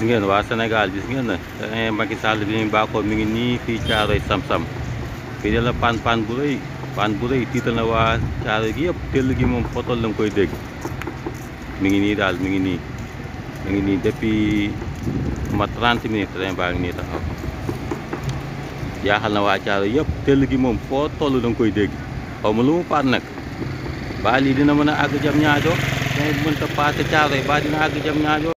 gis ngeen waa Sénégal gis ngeen ne terrain eh, Macky Sall bi ñu baaxoo mu ngi nii fii caaroy sam-sam fii de na pan pan bu rëy pan bu rëy tiital na waa caaro gi yëpp tell gi moom fotol la koy dégg mi ngi nii daal mi ngi nii mi ngi nii depuis ma 30 train baa ngi nii yëpp tell gi moom foo toll da koy dégg xaw ma lu mu paat nag baa lii dina mën a àgg jam ñaajo mën ta paase caaro yi baa dina àgg jam ñaajo